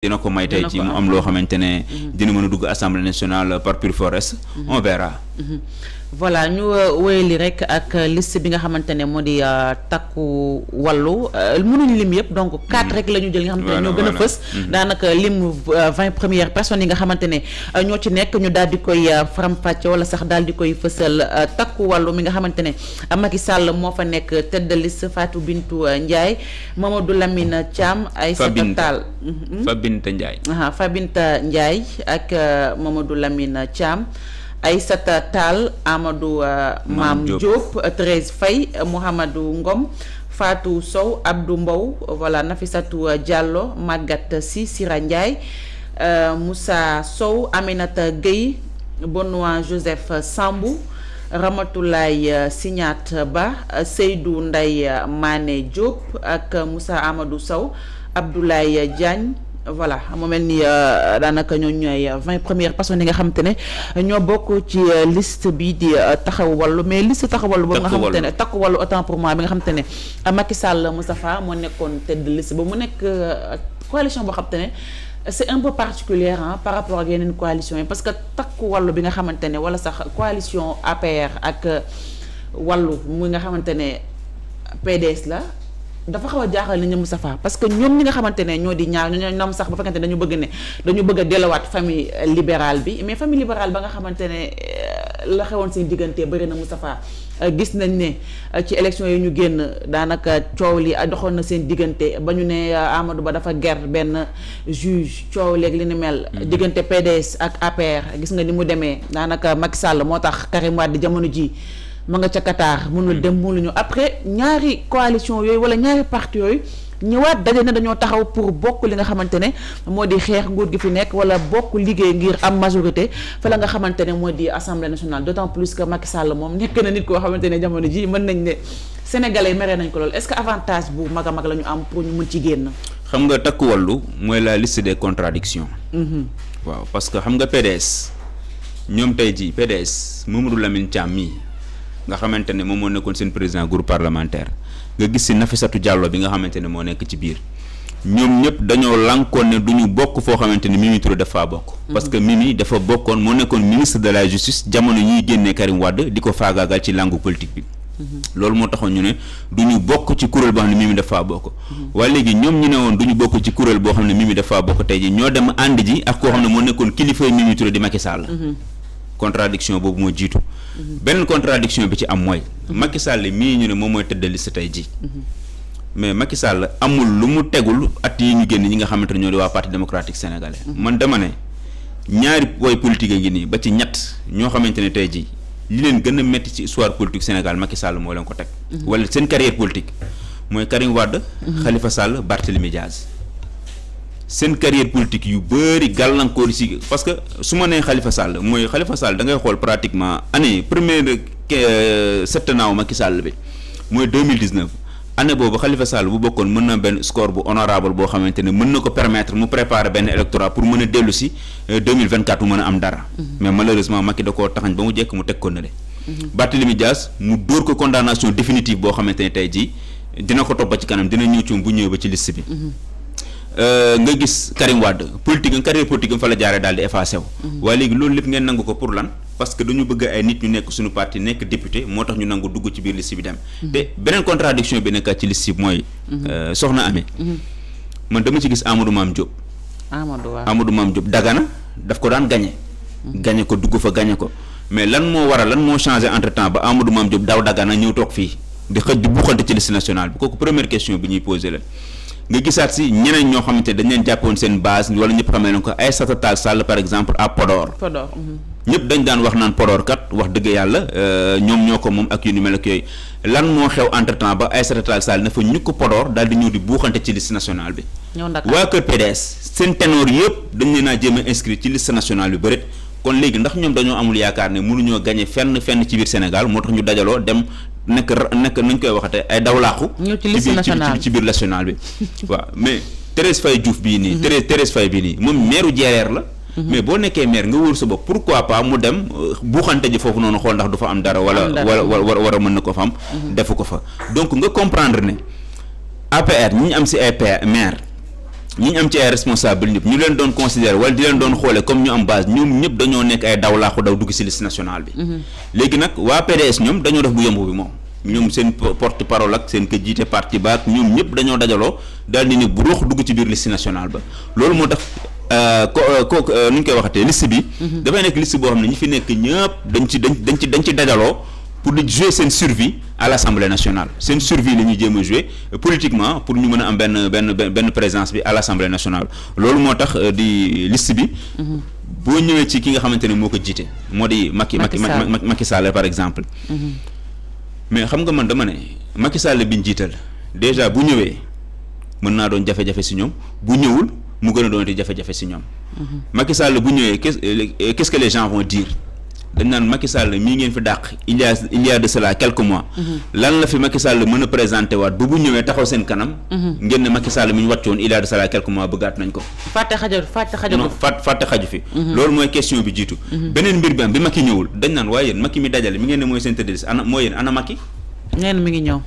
dina ko may tey ci mu am loo xamante ne mm-hmm. dina mën a dugg assemblée nationale par pure force mm-hmm. on verra mm-hmm. voilà ñu euh, wéyali rek ak liste bi nga xamante ne moo di euh, takku wàllu euh, mënuñ lim yëpp donc quatre mm-hmm. rek la ñu jël nga xamante ne ñoo gën a mm-hmm. yi nga xamante ne ñoo ci nekk ñu daal di koy faram-fàcce wala sax daal di koy fësal takku wàllu mi nga xamante ne Macky Sall moo fa nekk tête bintu liste Fatou Bintou Ndiaye Mamadou Lamine Thiam Aïssata Tall mm-hmm. Fabinta Ndiaye aha Fabinta Ndiaye ak Mamadou Lamine Thiam Aïssata Tall Amadou euh, Mame Diop Thérèse Faye Mouhamadou Ngom Fatou Sow Abdou Mbow wala nafisatu Diallo Maguette Sy Sira Ndiaye euh, Moussa Sow Aminata Gueye Benoît Joseph Sambou Ramatoulaye euh, Signat Ba seydu ndey Mané Diop ak musaa Amadou Sow Abdoulaye Diagne voilà mu mel ni euh, daanaka ñoo ñooy euh, vingt premières personnes yi nga xamante ne ñoo bokk ci euh, liste bi di taxaw wàllu mais liste taxaw wàllu boobu nga xamante ne takku wàllu autant pour bi nga xamante ne Macky Sall Moustapha moo nekkoon tête de ba mu nekk coalition boo xamante ne c'est un peu particulière par rapport ak yeneen coalition yi parce que takku wàllu bi nga xamante ne wala sax coalition APR ak wàllu mu nga xamante ne PDS la dafa xaw a jaaxal ni ñu Moustapha parce que ñoom ñi nga xamante ne ñoo di ñaar ñoo nam sax ba fekkante dañu bëgg ne dañu bëgg a delluwaat famille euh, libérale bi mais famille libérale ba nga xamante ne euh, la xewoon seen diggante bëri na Moustapha euh, gis nañ ne ci élection yi ñu génn daanaka coow li doxoon na seen diggante ba ñu ne Amadou Ba dafa ger benn juge coow léegi li ni mel. Mm-hmm. diggante PDS ak APR gis nga ni mu demee daanaka Macky Sall moo tax Karim di jamono ji ma nga ca Qatar mënul hmm. dem ñu après ñaari coalition yooyu wala ñaari parti yooyu ñëwaat daje ne dañoo taxaw pour bokk li nga xamante ne moo di xeex nguur gi fi nekk wala bokk liggéey ngir am majorité fa nga xamante ne moo di assemblée nationale d'autant plus que Macky Sall moom nekk na nit koo xamante ne jamono ji mën nañ ne sénégalais mere nañ ko loolu est-ce que avantage bu mag a mag la ñu am pour ñu mën ci génn. xam nga takku wallu mooy la liste des contradictions mm-hmm. waaw parce que xam nga PDS ñoom tey jii PDS Mamadou Lamine Thiam mii nga xamante ne moom moo nekkoon seen président groupe parlementaire nga gis si Nafissatou Diallo bi nga xamante ne moo nekk ci biir ñoom ñëpp dañoo lànkoon ne du ñu bokk foo xamante ne Mimi Touré dafa bokk. Mm-hmm. parce que Mimi dafa bokkoon moo nekkoon ministre de la justice jamono ñuy génnee Karim Wade di ko bi. Mm-hmm. loolu moo taxoon ñu ne du ñu bokk ci kuréel boo xam ne Mimi dafa bokk. Mm-hmm. waaye léegi ñoom ñu ne woon du ñu bokk ci kuréel boo xam ne Mimi dafa bokk tey ji ñoo dem ànd ji ak koo xam ne moo nekkoon kilifa Mimi Touré di Macky Sall. contradiction boobu moo jiitu beneen contradiction bi ci am mooy Macky Sall mii ñu ne moom mooy tëdd liste tey jii mais Macky Sall amul lu mu tegul at yi ñu génn ñi nga xamante ne ñoo di waa parti démocratique sénégalais man dama ne ñaari way politique a ngi nii ba ci ñett ñoo xamante ne tey jii li leen gën a métti ci histoire politique Sénégal Macky Sall moo leen ko teg wala seen carrière politique mooy Karim Wade xalifa mhm. Sall Barthélémy Diaz seen carrière politique yu bëri gàllankoor si parce que su ma nee Khalifa Sall mooy xalifa Sall da ngay xool pratiquement année première euh, septennaaw Macky Sall bi mooy deux mille dix neuf année boobu Khalifa bu bokkoon mën na benn score bu honorable boo xamante ne mën na ko permettre mu préparer benn électorat pour mën a dellu si euh, deux mille vingt quatre mu mën a am dara. Mhm. mais malheureusement Macky da koo taxañ ba mu jekk mu teg ko ne de. Mhm. Barthélemy Dias boo xamante ne tey jii dina ko topp ba ci kanam dina ñëw ci bu ñëwee ba ci liste bi. Mhm. Euh, nga gis Karim Wade politique am carrière politique am fa la jaaree daal di effacé wu. Mhm. waaye léegi loolu lépp ngeen nangu ko pour lan parce que dañu bëgg ay nit ñu nekk suñu parti nekk député moo tax ñu nangu dugg ci biir liste bi dem. Mhm. te beneen contradiction bi nekkaat ci liste bi mooy. Mhm. Euh, soxna Amé. man dama ci gis Amadou Mame Diop. Amadou waaw Amadou Mame Diop Dagana daf ko daan gagné. gagné ko dugg fa gagné ko mais lan moo waral lan moo changé entre temps ba Amadou Mame Diop daaw Dagana ñëw toog fii di xëj di buuxante ci liste nationale bi kooku ñuy posé la. nga gisaat si ñeneen ñoo xamante dañ leen jàppoon seen base loolu ñëpp xamee nañ ko Aïssata Tall Sall par exemple à Podor. Podor. Mhm. ñëpp dañ daan wax naan Podor kat wax dëgg yàlla euh, ñoom ñoo ko moom ak yu ni mel ak yooyu lan moo xew entre ba ay Tall Sall na fa ñu ko podoor daal di ñëw di buuxante ci liste national bi. waa kër PDS seen ténor yëpp dañ leen a jéem a inscrit ci liste national yu bëri. kon léegi ndax ñoom dañoo amul yaakaar ne mënuñoo gagné fenn fenn ci biir Sénégal moo tax ñu dajaloo dem nekk nekk nañ koy waxate ay dawlaaxu ci biir ci biir national bi waaw mais Thérèse Faye Diouf bii nii mhm. Thérèse Thérèse Faye bii nii moom meeru Diérère la mhm. mais boo nekkee maire nga wóor sa bopp pourquoi pas mu dem euh, buuxante ji foofu noonu xool ndax du fa am dara wala wala war a mën na ko fa am mhm. defu ko fa donc nga comprendre ne APR ñi ñu am si ay maire ñi ñu am ci ay responsable ñëpp ñu leen doon considérer wala di leen doon xoole comme ñu am base ñoom ñëpp dañoo nekk ay daw laaxu daw dugg si liste nationale bi léegi nag waa PDS ñoom dañoo def bu yomb bi moom ñoom seen porte parole ak seen ko jiite parti ba ak ñoom ñëpp dañoo dajaloo daal di ne bu rox dugg ci biir liste nationale ba loolu moo tax euh, ko euh, ko euh, nu ñu koy waxatee liste bi. Mm-hmm. dafay nekk liste boo xam ne ñi fi nekk ñëpp dañ ci dañ dañ ci dañ ci dajaloo pour di jouer seen survie à l' assemblée nationale seen survie la ñuy jéem a jouer politiquement pour ñu mën a am benn benn benn présence bi à l' assemblée nationale loolu moo tax di liste bi. Mm-hmm. boo ñëwee ci ki nga xamante ne moo ko jiite. moo di Macky Macky Macky Sall par exemple. Mm-hmm. mais xam nga man dama ne Macky Sall bi ñu jiital déjà bu ñëwee mën naa doon jafe-jafe si ñoom bu ñëwul mu gën a doonati jafe-jafe si ñoom. Mhm. Macky Sall bu ñëwee euh, qu'est-ce que les gens vont dire. dañ naan Macky Sall mii ngeen fi dàq il de cela quelques mois. Mhm. lan la fi Macky Sall mën a présenté waat ba bu ñëwee taxaw seen kanam. Mhm. ngeen ne Macky Sall mi ñu wàccoon il y a de cela quelques mois mhm. mooy question bi jiitu. beneen mbir bi am bi Macky ñëwul dañ naan waaye yéen Macky ngeen ne mooy seen tëddee ana ngi ñëw.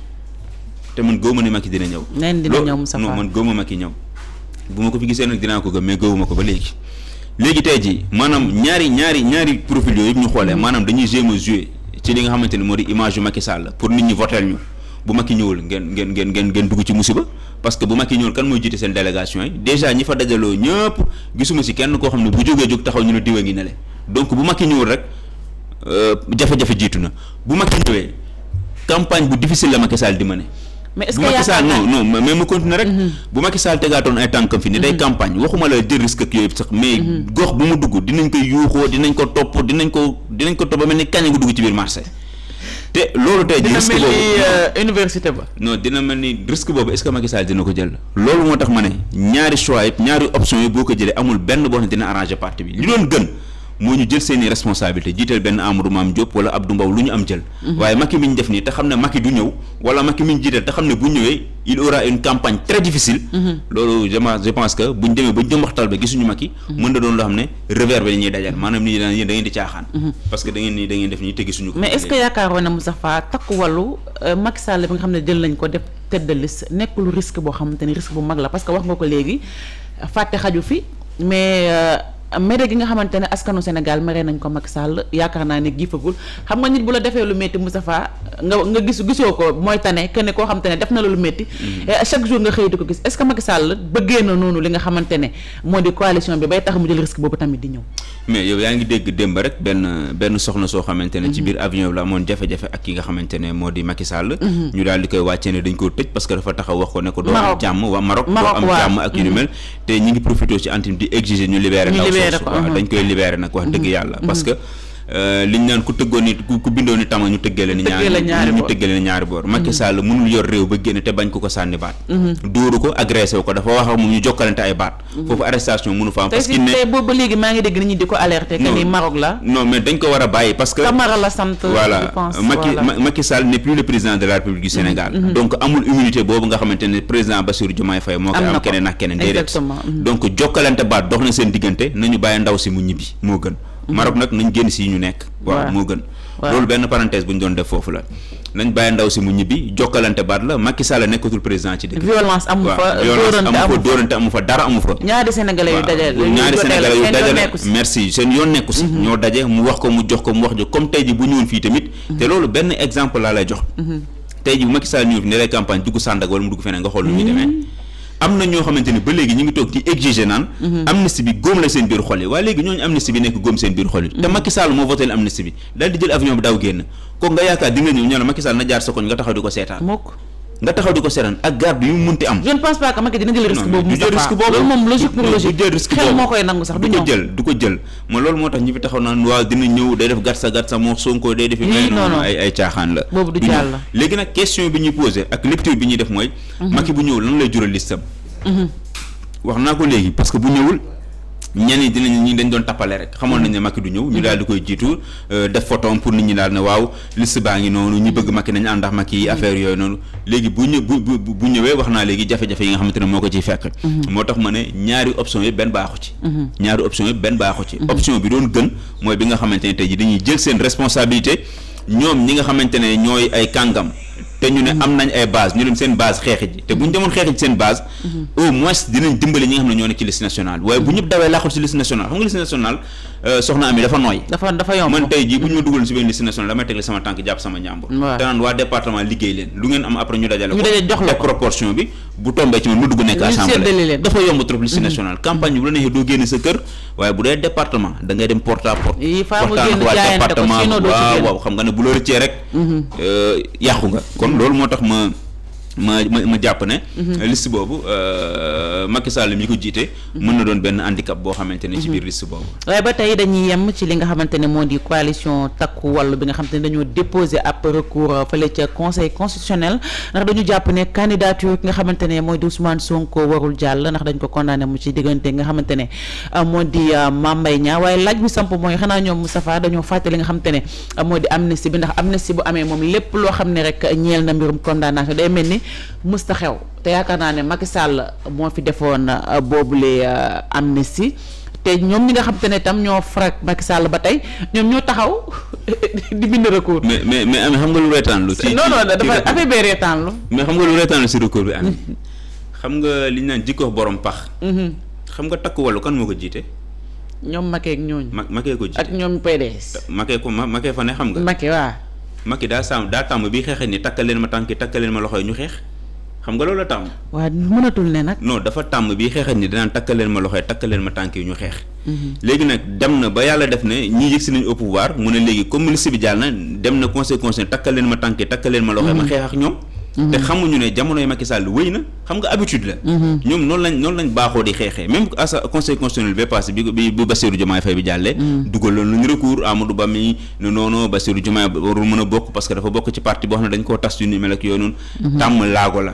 te man góob ma ne Macky dina ñëw. neen dina ñëw Moussa non man góob ma Macky ñëw bu ma ko fi gisee nag dinaa ko gëm mais góobu ko ba léegi léegi tey jii maanaam ñaari ñaari ñaari profil yooyu yëpp ñu xoolee maanaam dañuy jéem a jouer ci li nga xamante ne moo di image yu Macky Sall pour nit ñi votel ñu bu Macky ñëwul ngeen ngeen ngeen ngeen ngeen dugg ci musiba parce que bu Macky ñëwul kan mooy jiite seen délégation yi déjà ñi fa dajaloo ñëpp gisuma si kenn koo xam ne bu jógee jóg taxaw ñu ne diwa ngi ne le donc bu Macky ñëwul rek euh, jafe-jafe jiitu na bu Macky ñëwee campagne bu difficile l Macky Sall di mené mais est-ce que yaakaar naa non non mais ma continuer rek. Mm-hmm. tegaatoon ay tànkam fi ni day mm-hmm. campagne waxuma la jël risque ak yooyu sax mais mm-hmm. gox bu mu dugg dinañ ko yuuxoo dinañ ko topp dinañ ko dinañ ko topp ba mel ni kañ gu dugg ci biir marché. te loolu tey risque boobu dina mel ni euh, université ba. non dina mel ni risque boobu est-ce que Macky dina ko jël. loolu moo tax ma ne ñaari choix ñaari options yi boo ko jëlee amul benn boo xam ne dina arranger parti bi ñu doon gën. moo ñu jël seen i responsabilité jiital benn Amadou Mame Diop wala Abdou Mbow lu ñu am jël mhm. waaye Macky mi ñu def nii te xam ne Macky du ñëw wala Macky mi ñu jiital te xam ne bu ñu mhm. demee ba ñu ba gisuñu Macky mhm. mën na doon loo xam ne revers ba dajal maanaam nii daan yéen da di caaxaan parce que da ngeen def nii te gisuñu ko mais est-ce que yaakaaroon na Moustapha takku wàllu euh, bi nga xam ne jël lañ ko def tête de liste nekkul risque mere gi nga xamante askanu Sénégal mere nañ ko Macky Sall yaakaar naa ne giifagul xam nga nit bu la defee lu métti Moustapha nga nga gis gisoo ko mooy tane koo xamante def na la lu métti mm-hmm. chaque jour nga xëy di ko gis est-ce que Macky Sall bëggee na noonu li nga xamante ne moo di coalition bi bay tax mu jël risque boobu tamit di ñëw mais yow yaa ngi dégg démb rek benn benn soxna soo xamante ne ci mm-hmm. biir avion bi la amoon jafe-jafe ak ki nga xamante moo di Macky Sall mm-hmm. ñu daal libéré ko dañ koy libéré nag wax dëgg mm-hmm. yàlla parce que mm-hmm. Euh, liñ naan ku tëggoon ni ku bindoo ni tama ñu tëggee leen ñaari ñu tëggee ñaari boor Macky mm-hmm. Sall mënul yor réew ba génn te bañ ko ko sànni baat mm-hmm. dóoru ko agressé ko dafa wax ak moom ñu jokkalante ay baat mm-hmm. foofu arrestation mënu fa am parce que ne léegi maa ngi dégg nit ñi ko alerté que ni Maroc la a bàyyi parce que Camara la sant voilà Macky Macky Sall n'est plus le président de la République du Sénégal donc amul immunité boobu nga xamante ne président Bassirou Diomaye Faye moo koy am keneen ak keneen déedéet donc jokkalante baat dox na seen diggante nañu bàyyi ndaw si mu ñibbi moo gën Maroc nag nañ génn si ñu nekk. waaw moo gën. loolu benn parenthèse bu ñu doon def foofu la. nañ bàyyi ndaw si mu ñibbi jokkalante baat la Macky Sall nekkatul président ci amu fa dóorante amu fa dara amu fa. ñaari sénégalais yu dajale. merci seen yoon nekku si. Mhm. ñoo daje mu wax ko mu jox ko mu wax jo comme tey ji bu ñëwoon fii tamit. Mhm. te loolu benn exemple laa lay jox. Mhm. tey bu Macky Sall ñëw fi ne lay campagne dugg Sandaga mu dugg feneen nga xool am na ñoo xamante ni ba léegi ñu ngi toog ci exiger naan mhm. amnistie bi góom la seen biir xol yi waaye léegi ñooñu amnistie bi nekk góom seen biir xol yi te mhm. Macky Sall moo voté amnistie bi daal di jël avion bi daaw génn kooku nga yaakaar di nga ñëw ñoo la Macky Sall na jaar sa koñ nga taxaw di ko seetaan nga taxaw di ko seetaan ak garde yu mu munti am. je ne pense pas que dina jël risque boobu. moom logique pour jël du ko jël ma loolu moo tax ñi fi taxaw naan dina ñëw day def gàtt sa gàtt sa moo Sonko day def. lii noonu ay caaxaan la. léegi nag question bi ñuy posé ak lecture bi ñuy def mooy. Mhm. Macky bu ñëw lan lay jural listam. Mhm. wax naa ko léegi parce bu ñëwul. ñenn ñi dinañ ñi dañ doon tappale rek xamoon nañ ne Macky du ñëw ñu mm-hmm. daal di koy jiitu euh, def photon pour nit ñi daal ne waaw liste baa ngi noonu ñu bëgg Macky nañ ndax ak Macky mm-hmm. affaire yooyu noonu léegi bu ñu bu bu ñëwee wax naa léegi jafe-jafe yi nga xamante ne moo ko ciy fekk mm-hmm. moo tax ma ne ñaari option yëpp benn baaxu ci ñaari option yëpp benn baaxu ci option bi doon gën mooy bi nga xamante ne tey ji dañuy jël seen responsabilité ñoom ñi nga xamante ne ñooy ay kàngam te ñu ne am nañ ay base ñu dem seen base xeexi ji te bu ñu demoon xeexi ji seen base mhm. au moins dinañ dimbali ñi nga xam ne ñoo nekk ci liste nationale waaye bu euh, ñu ma la bu tombee ci man ma dugg nekk assemblée dafa yomb trop liste mhm. nationale campagne bi bu la neexee doo génn sa kër waaye bu dee département da dem porte à porte waxtaan waaw xam nga ne bu loolu cee rek mhm. euh, yàqu nga kon loolu moo tax ma ma ma ma jàpp ne. Mhm. Euh, liste boobu euh, Macky Sall mi ko jiite. Mhm. mën na doon benn handicap boo xamante ne. ci mhm. biir liste boobu. waaye ba tey dañuy yem ci li nga xamante ne moo di coalition takku wàllu bi nga xamante ne dañoo déposé ab recours euh, fële ca conseil constitutionnel ndax jàpp ne candidature ki nga xamante ne mooy di Ousmane Sonko warul jàll ndax dañ ko condamné mu ci diggante nga xamante ne moo di Mame Mbaye Niang waaye laaj bi samp mooy xanaa ñoom Moustapha dañoo fàtte li nga xamante ne moo di amnistie bi ndax amnistie bu amee moom lépp loo xam ne rek ñeel na mbirum condamnation day mel ni mës ta xew te yaakaar naa ne Macky Sall moo fi defoon euh, boobule euh, amnistie te ñoom ñi nga xam te ne tam ñoo farak Macky Sall ba tey ñoom ñoo taxaw di bind recours. mais mais mais Ami xam nga lu reetaan lu. ci non non dafa affaire bee reetaan si recours bi Ami. xam nga li ñu naan jikko borom pax. Mm-hmm. xam nga takk wàllu kan moo ko jiite. ñoom Macky ak ñooñu. ko jiite ak ñoom fa ne xam nga. Macky waaw. yi daa sàmm daa tàmm bi xeexee ni takkal leen ma tànk yi takkal leen ma loxo yi ñu xeex xam nga loolu tàmm. waaw mënatul ne nag. no dafa tàmm bi xeexee ni danaan takka leen ma loxo yi takkal leen ma tànk yi ñu xeex. Mhm. léegi nag dem na ba yàlla def ne ñii yëg si nañu au pouvoir mu ne léegi comme ministre bi jàll na dem na conseil conseil takkal leen ma tànk yi takkal leen ma loxo yi ma mhm. xeex ak ñoom Mhm. te xamuñu ne jamonoy Macky Sall wéy na xam nga habitude la. Mhm. ñoom noonu lañ noonu lañ baaxoo di xeexee même asa conseil constitutionnel bee passé bi bi bu Bassirou Diomaye Faye bi jàllee. Mhm. dugaloon nañu recours Amadou Ba mi ne noonu Bassirou Diomaye warul mën a bokk parce que dafa bokk ci parti boo xam ne dañ koo tas yu ni mel yooyu noonu. tàmm laago la.